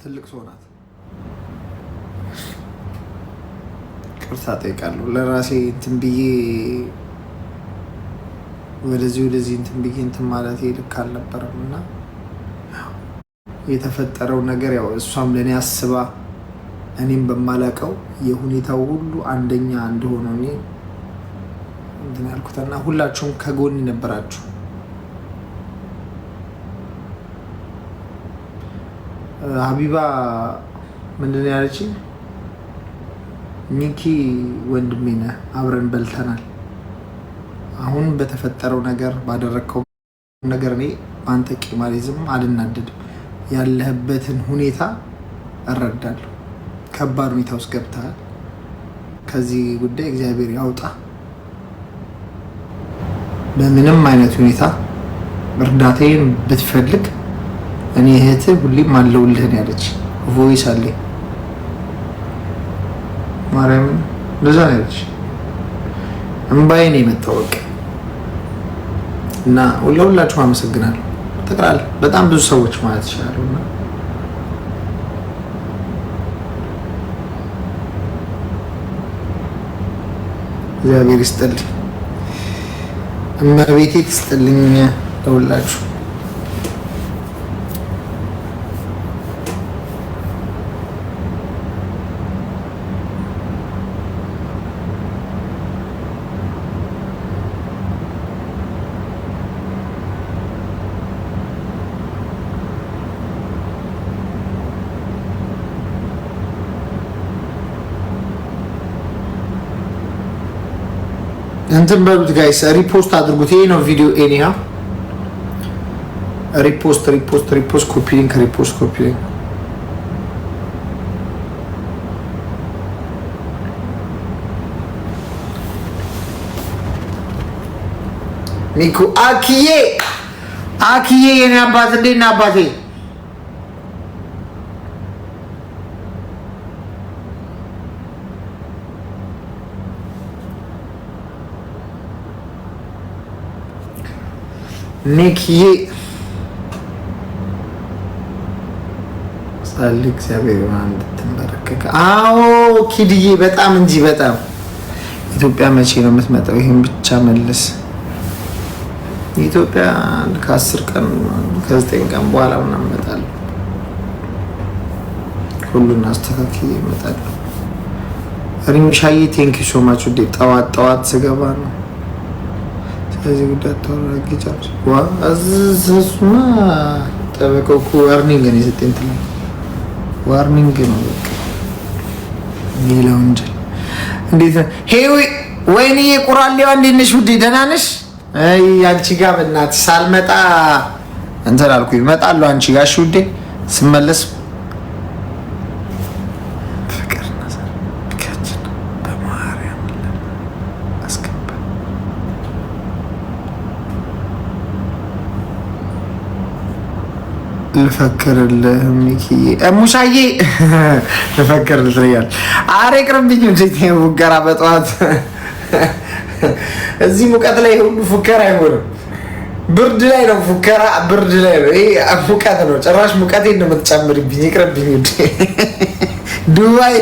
ትልቅ ሰው ናት። ቅርታ ጠይቃለሁ። ለራሴ እንትን ብዬ ወደዚህ ወደዚህ እንትን ብዬ እንትን ማለት ልክ አልነበረም እና የተፈጠረው ነገር ያው እሷም ለእኔ አስባ እኔም በማላውቀው የሁኔታው ሁሉ አንደኛ እንደሆነ እኔ እንትን ሁላችሁም ከጎን ነበራችሁ ሀቢባ ምንድን ያለች ኒኪ ወንድሜ ነህ፣ አብረን በልተናል። አሁን በተፈጠረው ነገር ባደረግከው ነገር እኔ በአንተ ቂማሊዝም አልናደድም። ያለህበትን ሁኔታ እረዳለሁ። ከባድ ሁኔታ ውስጥ ገብተሃል። ከዚህ ጉዳይ እግዚአብሔር ያውጣ። በምንም አይነት ሁኔታ እርዳታዬን ብትፈልግ እኔ እህት ሁሌም አለውልህን ያለች ቮይስ አለ ማርያም እንደዛ ነው ያለች። እምባዬ ነው የመጣው በቃ። እና ለሁላችሁም አመሰግናለሁ። ጠቅላላ በጣም ብዙ ሰዎች ማለት ይችላሉ እና እግዚአብሔር ይስጥልኝ፣ እመቤቴ ትስጥልኝ ለሁላችሁ። እንትን በሉት ጋይስ ሪፖስት አድርጉት። ይሄ ነው ቪዲዮ ኤኒሃ ሪፖስት ሪፖስት ሪፖስት ኮፒ ሊንክ ሪፖስት ኮፒ ሊንክ ሚኩ አኪዬ አኪዬ የኔ አባት እንዴት ነህ አባቴ? ኒክዬ ጻል እግዚአብሔር እንድትንበረከከ። አዎ ኪድዬ በጣም እንጂ በጣም ኢትዮጵያ መቼ ነው የምትመጣው? ይህን ብቻ መልስ። ኢትዮጵያ ከአስር ቀን ከዘጠኝ ቀን በኋላ ምናምን እመጣለሁ። ሁሉን አስተካክዬ እመጣለሁ። ሪምሻዬ ሶማች ውዴ። ጠዋት ጠዋት ስገባ ነው በዚህ ጉዳይ አታወራ ጌጫች ዋ እሱማ ጠበቀው እኮ ዋርኒንግ ነው የሰጠኝ ትላል። ዋርኒንግ ነው በቃ ሌላ ወንጀል እንዴት ነው ሄዊ ወይኔ ቁራሌዋ እንዴት ነሽ ውዴ ደህና ነሽ? አይ አንቺ ጋር በእናትሽ ሳልመጣ እንትን አልኩኝ። እመጣለሁ አንቺ ጋር እሺ ውዴ ስመለስ ልፈክርልህ ሚኪዬ ሙሻዬ ልፈክርልህ ትለኛለህ። ኧረ ይቅርብኝ። እንዴት ሙከራ በጠዋት እዚህ ሙቀት ላይ ሁሉ ፉከራ አይሆንም። ብርድ ላይ ነው ፉከራ፣ ብርድ ላይ ነው። ይሄ ሙቀት ነው። ጭራሽ ሙቀቴን ነው ይቅርብኝ። ዱባይ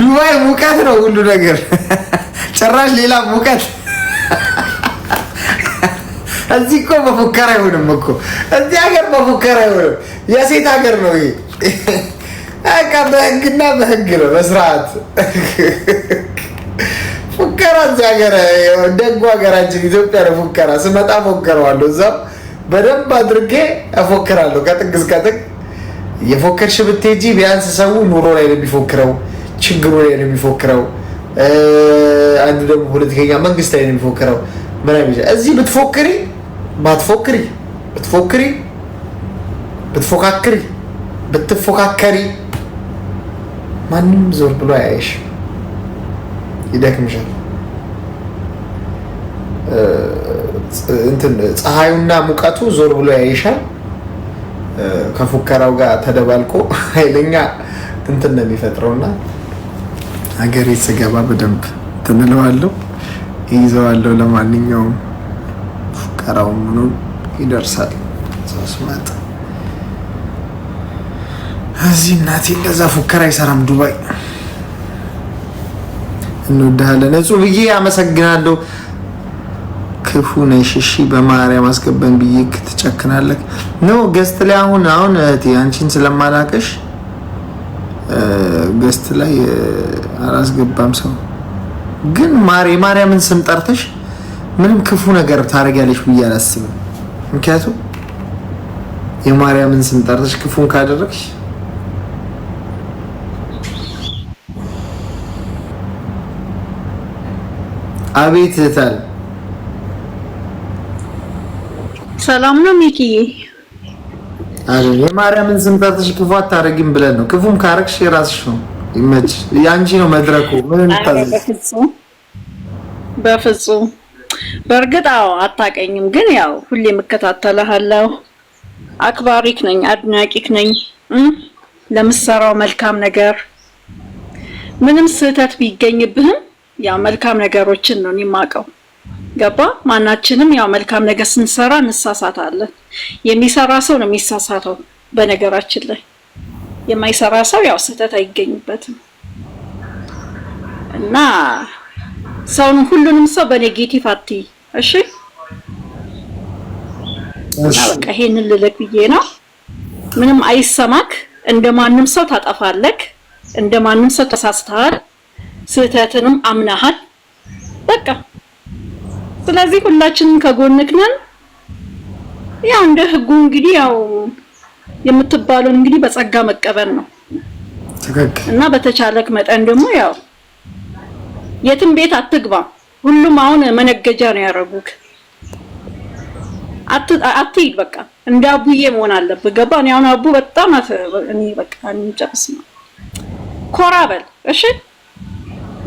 ዱባይ ሙቀት ነው ሁሉ ነገር፣ ጭራሽ ሌላ ሙቀት እዚህ እኮ በፉከራ አይሆንም እኮ እዚህ ሀገር በፉከራ አይሆንም። የሴት ሀገር ነው ይሄ። በቃ በህግና በህግ ነው በስርዓት ፉከራ እዚህ ሀገር ደጉ ሀገራችን ኢትዮጵያ ነው። ፉከራ ስመጣ ፎከረዋለሁ። እዛም በደንብ አድርጌ እፎክራለሁ። ከጥግ እስከ ጥግ የፎከርሽ ብትሄጂ ቢያንስ ሰው ኑሮ ላይ ነው የሚፎክረው፣ ችግሩ ላይ ነው የሚፎክረው። አንዱ ደግሞ ፖለቲከኛ መንግስት ላይ ነው የሚፎክረው። ምናምን እዚህ ብትፎክሪ ባትፎክሪ ብትፎክሪ ብትፎካክሪ ብትፎካከሪ ማንም ዞር ብሎ አያየሽ፣ ይደክምሻል። ፀሐዩና ሙቀቱ ዞር ብሎ ያይሻል። ከፉከራው ጋር ተደባልቆ ኃይለኛ እንትን ነው የሚፈጥረውና ሀገሬ ስገባ በደንብ ትንለዋለሁ ይዘዋለሁ። ለማንኛውም ቀራው ምኑን ይደርሳል። ሶስት መጥ እዚህ እናቴ እንደዛ ፉከራ አይሰራም። ዱባይ እንወዳለን። እጹ ብዬ አመሰግናለሁ። ክፉ ነሽ እሺ፣ በማርያም አስገባኝ ብዬ ትጨክናለህ። ኖ ገስት ላይ አሁን አሁን እህቴ አንቺን ስለማላቀሽ ገስት ላይ አላስገባም ሰው ግን የማርያምን ስም ጠርተሽ ምንም ክፉ ነገር ታደርጊያለሽ ብዬ አላስብም። ምክንያቱም የማርያምን ስም ጠርተሽ ክፉን ካደረግሽ አቤት እህታል ሰላም ነው ሚኪዬ። የማርያምን ስም ጠርተሽ ክፉ አታደርጊም ብለን ነው። ክፉም ካረግሽ የራስሽ ነው። ይመች ያንቺ ነው መድረኩ። ምን እንታዘዝ? በፍጹም በእርግጥ አዎ፣ አታቀኝም፣ ግን ያው ሁሌ የምከታተልሃለሁ። አክባሪክ ነኝ፣ አድናቂክ ነኝ። ለምሰራው መልካም ነገር ምንም ስህተት ቢገኝብህም ያው መልካም ነገሮችን ነው የማውቀው። ገባ? ማናችንም ያው መልካም ነገር ስንሰራ እንሳሳታለን። የሚሰራ ሰው ነው የሚሳሳተው። በነገራችን ላይ የማይሰራ ሰው ያው ስህተት አይገኝበትም እና ሰውን ሁሉንም ሰው በኔጌቲቭ አቲ እሺ። በቃ ይሄንን ልልክ ብዬ ነው። ምንም አይሰማክ። እንደማንም ሰው ታጠፋለክ። እንደማንም ሰው ተሳስተሃል። ስህተትንም አምናሃል። በቃ ስለዚህ ሁላችንም ከጎንክ ነን። ያው እንደ ህጉ እንግዲህ ያው የምትባለውን እንግዲህ በጸጋ መቀበል ነው እና በተቻለክ መጠን ደግሞ ያው የትም ቤት አትግባ። ሁሉም አሁን መነገጃ ነው ያደረጉት። አትሂድ በቃ እንደ አቡዬ መሆን አለብህ። ገባ? እኔ አሁን አቡ በጣም እኔ በቃ እንጨርስ ነው። ኮራ በል እሺ።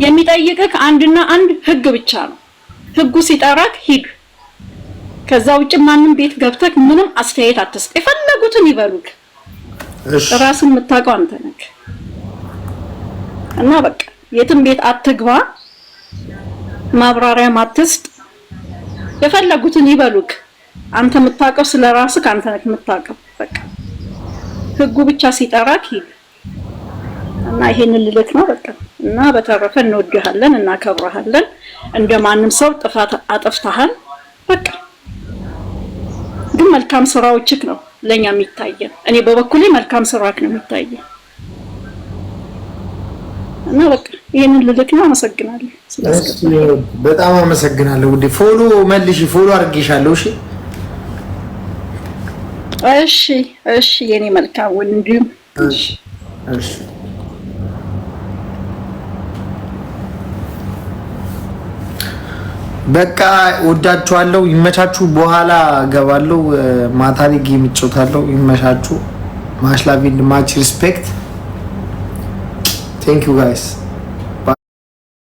የሚጠይቅህ አንድና አንድ ህግ ብቻ ነው። ህጉ ሲጠራክ ሂድ። ከዛ ውጭ ማንም ቤት ገብተህ ምንም አስተያየት አትስጥ። የፈለጉትን ይበሉክ። ራስን የምታውቀው አንተ ነህ እና በቃ የትም ቤት አትግባ። ማብራሪያ ማትስጥ፣ የፈለጉትን ይበሉክ። አንተ የምታውቀው ስለ ራስክ አንተ ነህ የምታውቀው። በቃ ህጉ ብቻ ሲጠራክ ይሄ እና ይሄንን ልልክ ነው በቃ። እና በተረፈ እንወድሃለን፣ እናከብረሃለን። እንደማንም ሰው ጥፋት አጥፍተሃል በቃ ግን መልካም ስራዎችህ ነው ለኛ የሚታየን። እኔ በበኩሌ መልካም ስራክ ነው የሚታየን እና በቃ ይህንን ልልክ ነው። አመሰግናለሁ። በጣም አመሰግናለሁ ውዴ። ፎሎ መልሽ፣ ፎሎ አድርጌሻለሁ። እሺ እሺ እሺ፣ የኔ መልካም ወንድም። በቃ ወዳችኋለሁ። ይመቻችሁ። በኋላ ገባለሁ። ማታ ላይ ጌም እጫወታለሁ። ይመቻችሁ። ማች ላቭ ኤንድ ማች ሪስፔክት። ቴንክ ዩ ጋይስ